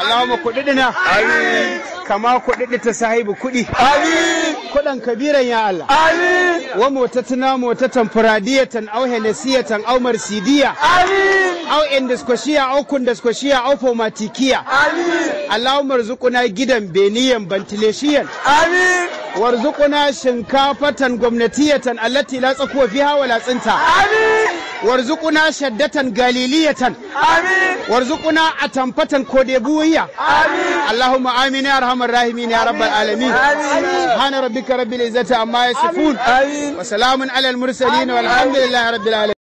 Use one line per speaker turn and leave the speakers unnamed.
Allahumma kuɗiɗina. Amin. Kama kuɗiɗi ta sahibu kuɗi. Kuɗan kabiran ya Allah. Amin. Wa tan motatan furadiyatan au tan au marsidiya. Amin. Au indaskoshiya au kundaskoshiya au fomatikiya. Amin. Allahumma rzuquna gidan beniyan bantileshiyan. warzuquna shinkafatan gwamnatiyatan allati la tsakuwa fiha wa la tsinta warzuquna shaddatan galiliyatan amin warzuquna atamfatan kodebuwiya amin allahumma amin ya arhamar rahimin ya rabbal alamin amin subhana rabbika rabbil izzati amma yasifun amin wa salamun alal mursalin walhamdulillahi
rabbil